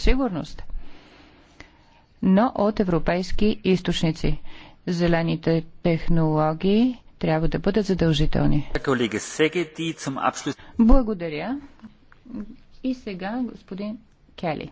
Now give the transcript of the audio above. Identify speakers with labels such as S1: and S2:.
S1: сигурност, но от европейски източници. Зелените технологии трябва да бъдат задължителни. Благодаря. И сега господин Кели.